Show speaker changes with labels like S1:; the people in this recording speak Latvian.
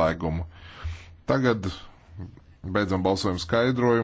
S1: noslēgumu. Tagad beidzam balsojumu skaidrojumu.